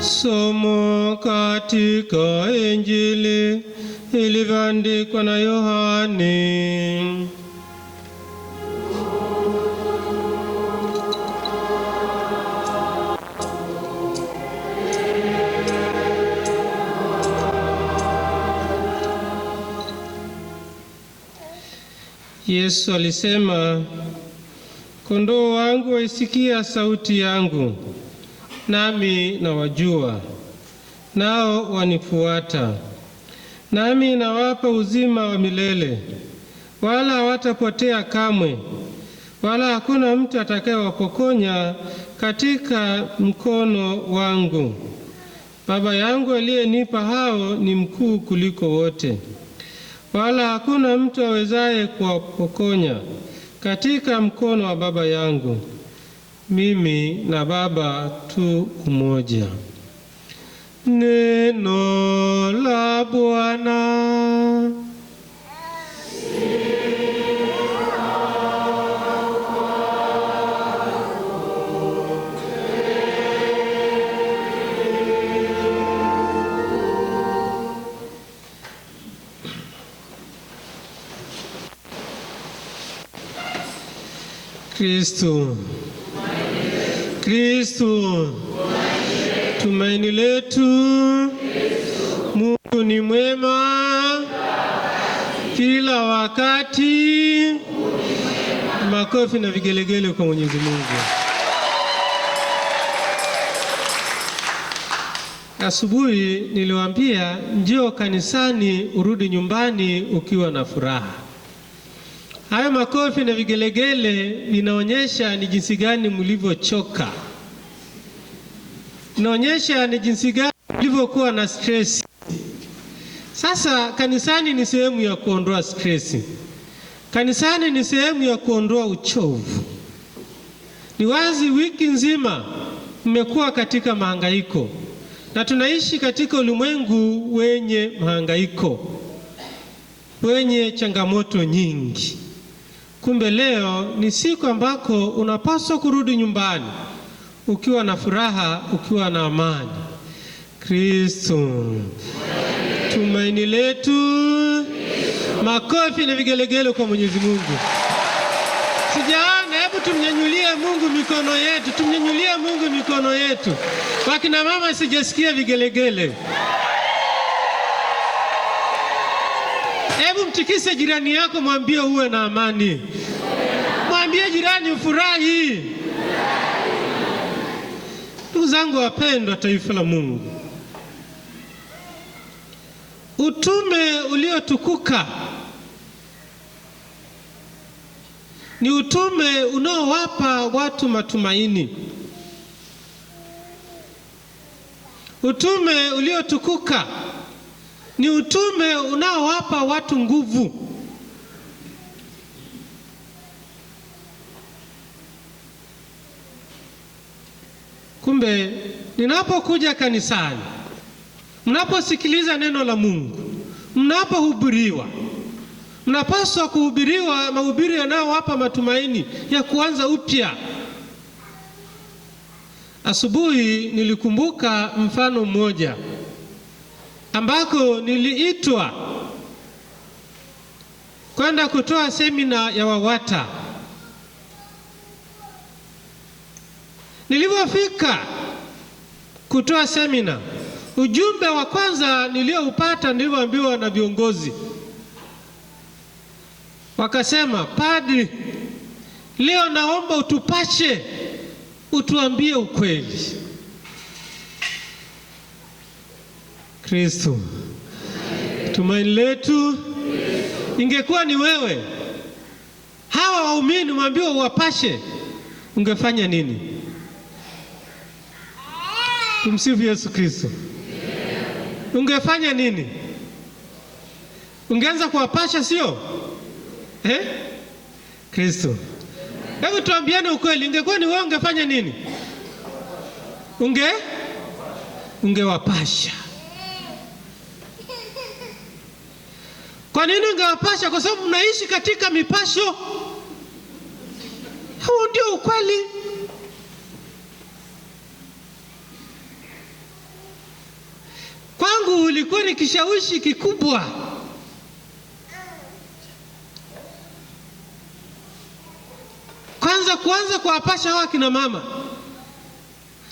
Somo katika Injili ilivyoandikwa na Yesu alisema, kondoo wangu waisikia sauti yangu, nami nawajua, nao wanifuata, nami nawapa uzima wa milele, wala hawatapotea kamwe, wala hakuna mtu atakayewapokonya katika mkono wangu. Baba yangu aliyenipa hao ni mkuu kuliko wote wala hakuna mtu awezaye kuwapokonya katika mkono wa Baba yangu. Mimi na Baba tu umoja. Neno la Bwana. Kristo. Kristo tumaini letu. Mungu ni mwema kila wakati. Makofi na vigelegele kwa Mwenyezi Mungu. Asubuhi niliwaambia njoo kanisani urudi nyumbani ukiwa na furaha. Haya makofi na vigelegele vinaonyesha ni jinsi gani mlivyochoka, inaonyesha ni jinsi gani mlivyokuwa na stress. Sasa kanisani ni sehemu ya kuondoa stress, kanisani ni sehemu ya kuondoa uchovu. Ni wazi wiki nzima mmekuwa katika mahangaiko, na tunaishi katika ulimwengu wenye mahangaiko, wenye changamoto nyingi. Kumbe leo ni siku ambako unapaswa kurudi nyumbani ukiwa na furaha, ukiwa na amani. Kristo tumaini letu. Makofi na vigelegele kwa Mwenyezi Mungu. Sijaona, hebu tumnyanyulie Mungu mikono yetu, tumnyanyulie Mungu mikono yetu. Wakina mama, sijasikia vigelegele. Hebu mtikise jirani yako, mwambie uwe na amani, mwambie jirani ufurahi. Ndugu zangu wapendwa, taifa la Mungu, utume uliotukuka ni utume unaowapa watu matumaini. Utume uliotukuka ni utume unaowapa watu nguvu. Kumbe ninapokuja kanisani, mnaposikiliza neno la Mungu, mnapohubiriwa, mnapaswa kuhubiriwa mahubiri yanayowapa matumaini ya kuanza upya. Asubuhi nilikumbuka mfano mmoja ambako niliitwa kwenda kutoa semina ya WAWATA. Nilivyofika kutoa semina, ujumbe wa kwanza nilioupata, nilivyoambiwa na viongozi, wakasema, padri, leo naomba utupashe, utuambie ukweli. Kristo. Tumaini letu ingekuwa ni wewe. Hawa waumini mwambie uwapashe, ungefanya nini? Tumsifu Yesu Kristo. Ungefanya nini? Ungeanza kuwapasha, sio eh? Kristo, hebu tuambiane ukweli, ingekuwa ni wewe ungefanya nini? Unge ungewapasha Kwa nini ungewapasha? Kwa sababu mnaishi katika mipasho. Huo ndio ukweli. Kwangu ulikuwa ni kishawishi kikubwa. Kwanza kuanza kuwapasha hawa kina mama,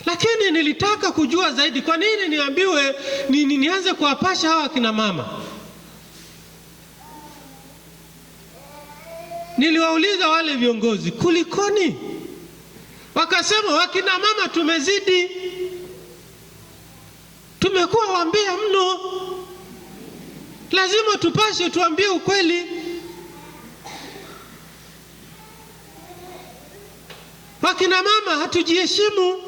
lakini nilitaka kujua zaidi. Kwa nini niambiwe ni, ni, nianze kuwapasha hawa kina mama? Niliwauliza wale viongozi kulikoni, wakasema wakina mama tumezidi, tumekuwa waambia mno, lazima tupashe tuambie ukweli. Wakina mama hatujiheshimu,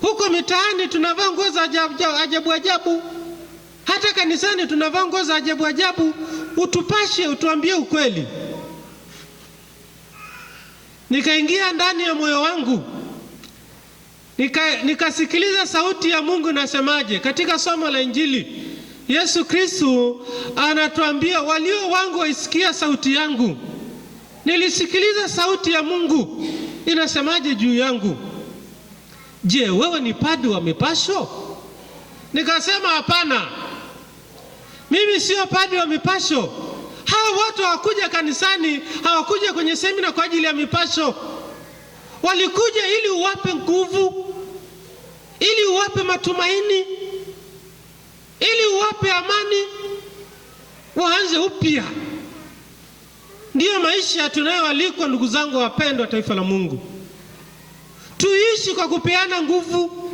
huko mitaani tunavaa nguo za ajabu ajabu, hata kanisani tunavaa nguo za ajabu ajabu. Utupashe, utuambie ukweli nikaingia ndani ya moyo wangu nika, nikasikiliza sauti ya Mungu inasemaje. Katika somo la Injili, Yesu Kristu anatuambia walio wangu waisikia sauti yangu. Nilisikiliza sauti ya Mungu inasemaje juu yangu. Je, wewe ni padri wa mipasho? Nikasema hapana, mimi sio padri wa mipasho hawa watu hawakuja kanisani, hawakuja kwenye semina kwa ajili ya mipasho. Walikuja ili uwape nguvu, ili uwape matumaini, ili uwape amani, waanze upya. Ndiyo maisha tunayoalikwa, ndugu zangu wapendwa, taifa la Mungu. Tuishi kwa kupeana nguvu,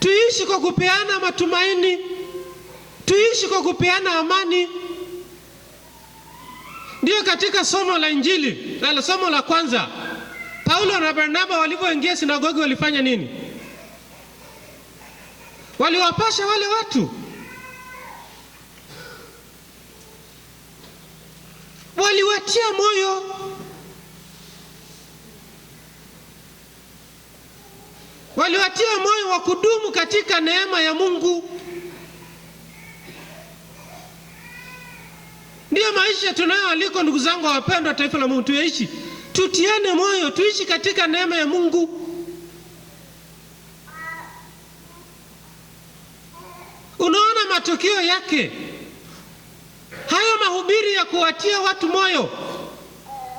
tuishi kwa kupeana matumaini, tuishi kwa kupeana amani. Ndiyo, katika somo la Injili la somo la kwanza, Paulo na Barnaba walivyoingia sinagogi walifanya nini? Waliwapasha wale watu, waliwatia moyo, waliwatia moyo wa kudumu katika neema ya Mungu. Ndiyo maisha tunayoalikwa ndugu zangu wapendwa, taifa la Mungu, tuyaishi, tutiane moyo, tuishi katika neema ya Mungu. Unaona matokeo yake hayo mahubiri ya kuwatia watu moyo.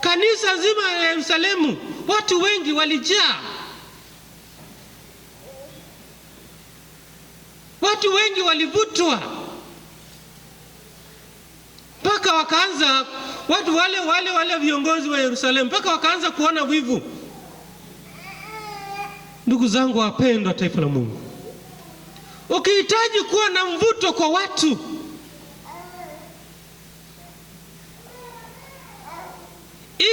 Kanisa zima la Yerusalemu, watu wengi walijaa, watu wengi walivutwa mpaka wakaanza watu wale wale wale viongozi wa Yerusalemu mpaka wakaanza kuona wivu. Ndugu zangu wapendwa, taifa la Mungu, ukihitaji kuwa na mvuto kwa watu,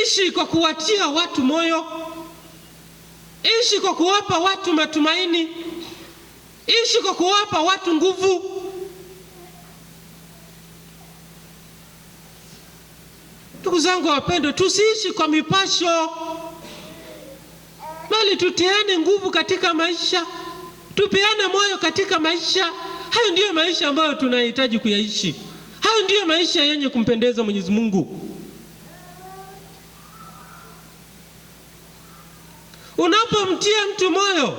ishi kwa kuwatia watu moyo, ishi kwa kuwapa watu matumaini, ishi kwa kuwapa watu nguvu. Ndugu zangu wapendwa, tusiishi kwa mipasho, bali tutiane nguvu katika maisha, tupeane moyo katika maisha. Hayo ndiyo maisha ambayo tunahitaji kuyaishi. Hayo ndiyo maisha yenye kumpendeza Mwenyezi Mungu. Unapomtia mtu moyo,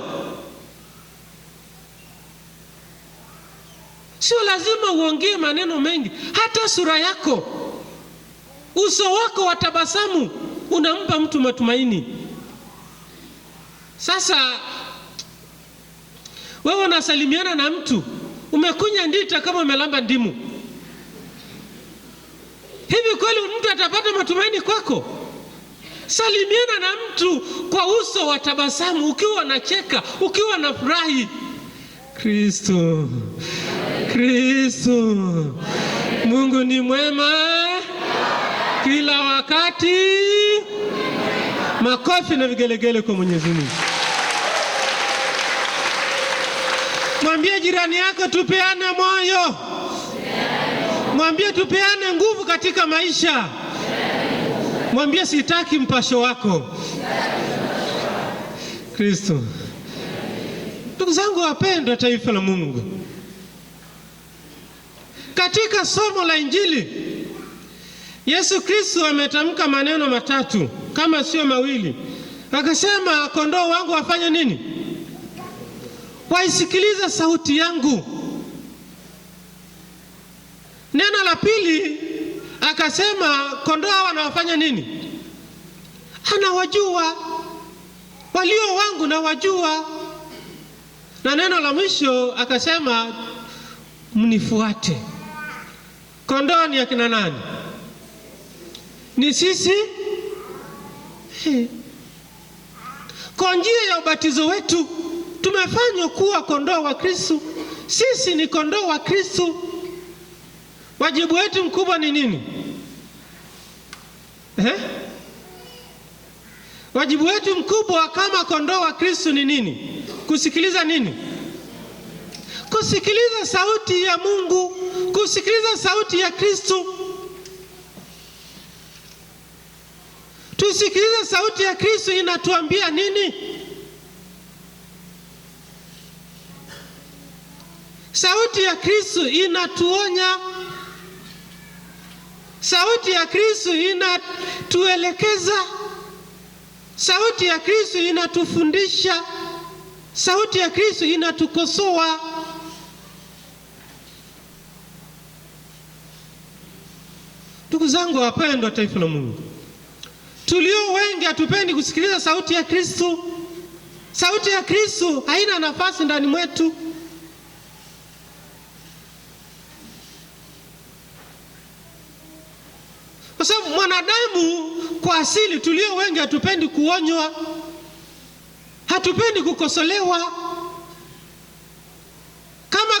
sio lazima uongee maneno mengi, hata sura yako Uso wako wa tabasamu unampa mtu matumaini. Sasa wewe unasalimiana na mtu umekunya ndita kama umelamba ndimu. Hivi kweli mtu atapata matumaini kwako? Salimiana na mtu kwa uso wa tabasamu, ukiwa unacheka, ukiwa na furahi. Kristo, Kristo, Mungu ni mwema kila wakati. Makofi na vigelegele kwa Mwenyezi Mungu. Mwambie jirani yako, tupeane moyo. Mwambie tupeane nguvu katika maisha. Mwambie sitaki mpasho wako. Kristo. Ndugu zangu wapendwa, taifa la Mungu, katika somo la Injili Yesu Kristo ametamka maneno matatu kama sio mawili, akasema, kondoo wangu wafanye nini? Waisikiliza sauti yangu. Neno la pili akasema, kondoo wanawafanya nini? Anawajua walio wangu na wajua. Na neno la mwisho akasema, mnifuate. Kondoo ni akina nani? ni sisi Kwa njia ya ubatizo wetu tumefanywa kuwa kondoo wa Kristo. Sisi ni kondoo wa Kristo. Wajibu wetu mkubwa ni nini eh? Wajibu wetu mkubwa kama kondoo wa Kristo ni nini? Kusikiliza nini? Kusikiliza sauti ya Mungu, kusikiliza sauti ya Kristo. Tusikilize sauti ya Kristo inatuambia nini? Sauti ya Kristo inatuonya. Sauti ya Kristo inatuelekeza. Sauti ya Kristo inatufundisha. Sauti ya Kristo inatukosoa. Ndugu zangu wapendwa, taifa la Mungu Tulio wengi hatupendi kusikiliza sauti ya Kristo. Sauti ya Kristo haina nafasi ndani mwetu. Kwa sababu mwanadamu kwa asili, tulio wengi hatupendi kuonywa, hatupendi kukosolewa. Kama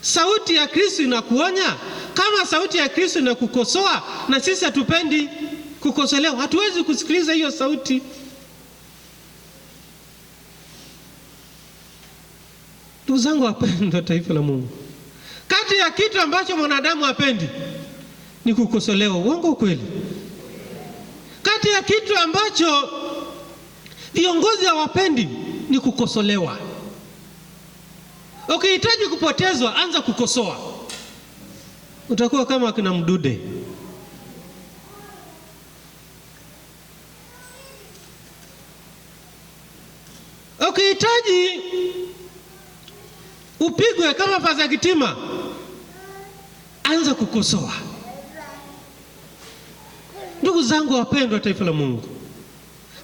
sauti ya Kristo inakuonya, kama sauti ya Kristo inakukosoa, na sisi hatupendi kukosolewa, hatuwezi kusikiliza hiyo sauti. Ndugu zangu wapendwa, taifa la Mungu, kati ya kitu ambacho mwanadamu hapendi ni kukosolewa, uongo kweli? Kati ya kitu ambacho viongozi hawapendi ni kukosolewa. Ukihitaji kupotezwa, anza kukosoa, utakuwa kama akina Mdude. Mji upigwe kama Padri Kitima, anza kukosoa. Ndugu zangu wapendwa, taifa la Mungu,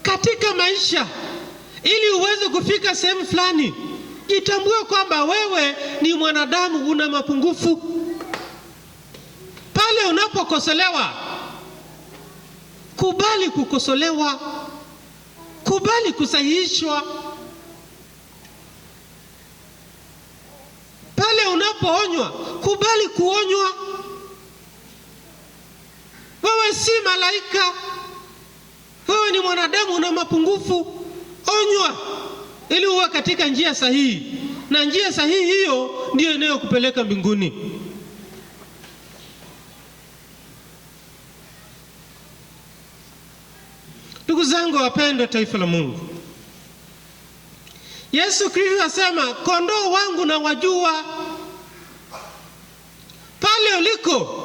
katika maisha, ili uweze kufika sehemu fulani, jitambue kwamba wewe ni mwanadamu, una mapungufu. Pale unapokosolewa, kubali kukosolewa, kubali kusahihishwa unapoonywa kubali kuonywa. Wewe si malaika, wewe ni mwanadamu, una mapungufu. Onywa ili uwe katika njia sahihi, na njia sahihi hiyo ndiyo inayokupeleka mbinguni. Ndugu zangu wapendwa, taifa la Mungu, Yesu Kristo asema kondoo wangu na wajua ambayo liko.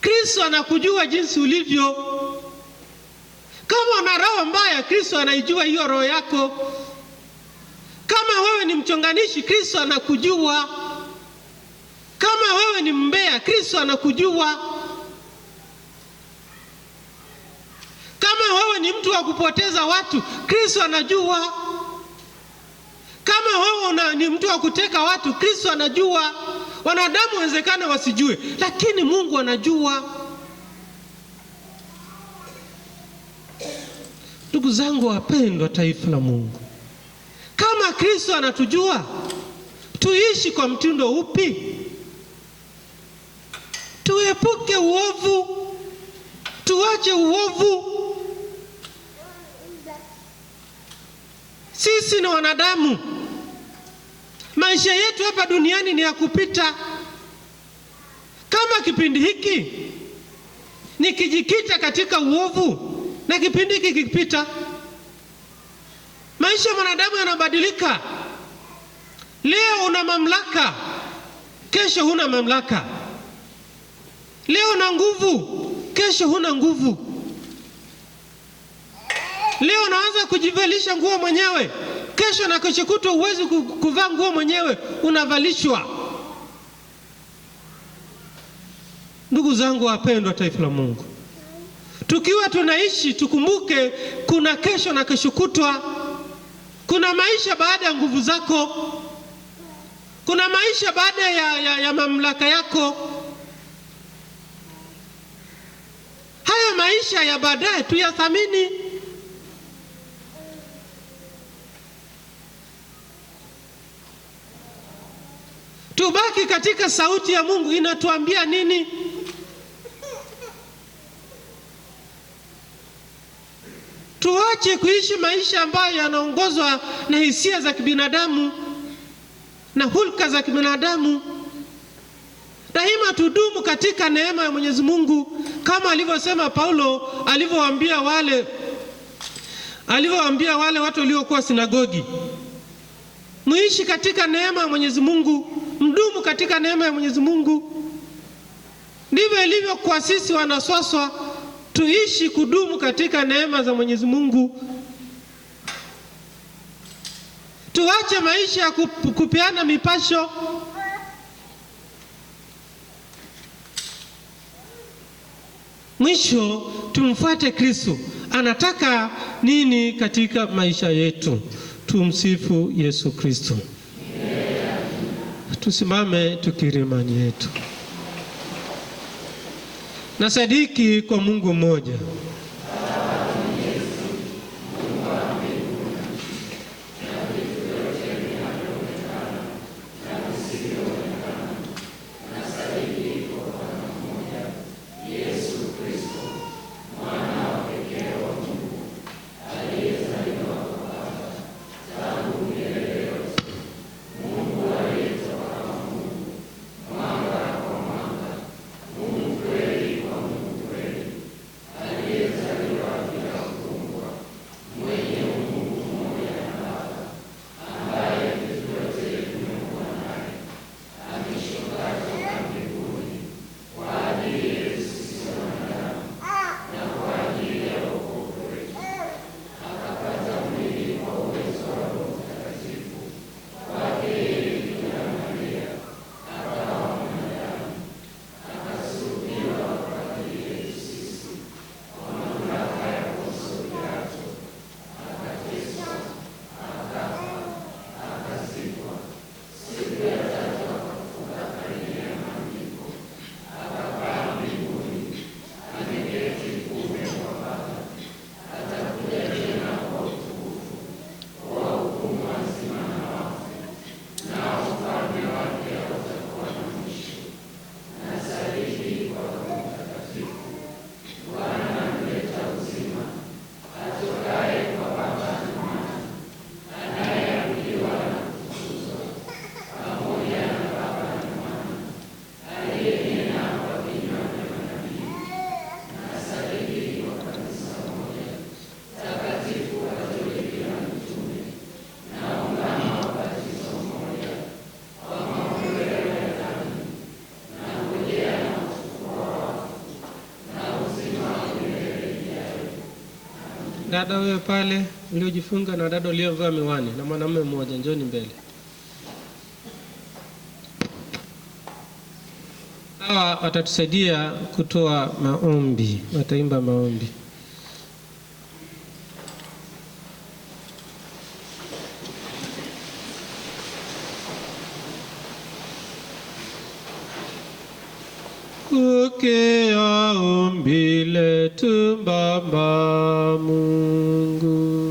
Kristo anakujua jinsi ulivyo. Kama una roho mbaya, Kristo anaijua hiyo roho yako. Kama wewe ni mchonganishi, Kristo anakujua. Kama wewe ni mbea, Kristo anakujua. Kama wewe ni mtu wa kupoteza watu, Kristo anajua. Kama wewe ni mtu wa kuteka watu, Kristo anajua. Wanadamu wawezekana wasijue, lakini Mungu anajua. Ndugu zangu wapendwa, taifa la Mungu, kama Kristo anatujua, tuishi kwa mtindo upi? Tuepuke uovu, tuache uovu. Sisi ni wanadamu Maisha yetu hapa duniani ni ya kupita. Kama kipindi hiki nikijikita katika uovu na kipindi hiki kikipita, maisha ya mwanadamu yanabadilika. Leo una mamlaka, kesho huna mamlaka. Leo una nguvu, kesho huna nguvu. Leo unaanza kujivalisha nguo mwenyewe kesho na kesho kutwa huwezi kuvaa nguo mwenyewe, unavalishwa. Ndugu zangu wapendwa, taifa la Mungu, tukiwa tunaishi tukumbuke, kuna kesho na kesho kutwa, kuna maisha baada ya nguvu zako, kuna maisha baada ya, ya, ya mamlaka yako. Haya maisha ya baadaye tuyathamini. haki katika sauti ya Mungu inatuambia nini? Tuache kuishi maisha ambayo yanaongozwa na hisia za kibinadamu na hulka za kibinadamu. Daima tudumu katika neema ya Mwenyezi Mungu, kama alivyosema Paulo alivyowaambia wale alivyowaambia wale watu waliokuwa sinagogi, muishi katika neema ya Mwenyezi Mungu mdumu katika neema ya Mwenyezi Mungu. Ndivyo ilivyo kwa sisi Wanaswaswa, tuishi kudumu katika neema za Mwenyezi Mungu. Tuache maisha ya kupeana mipasho. Mwisho tumfuate Kristo, anataka nini katika maisha yetu? Tumsifu Yesu Kristo tusimame tukiri imani yetu Nasadiki kwa Mungu mmoja. Dada huyo pale uliojifunga na dada uliovaa miwani na mwanamume mmoja, njoni mbele. Hawa watatusaidia kutoa maombi, wataimba maombi. Umbile tumbamba Mungu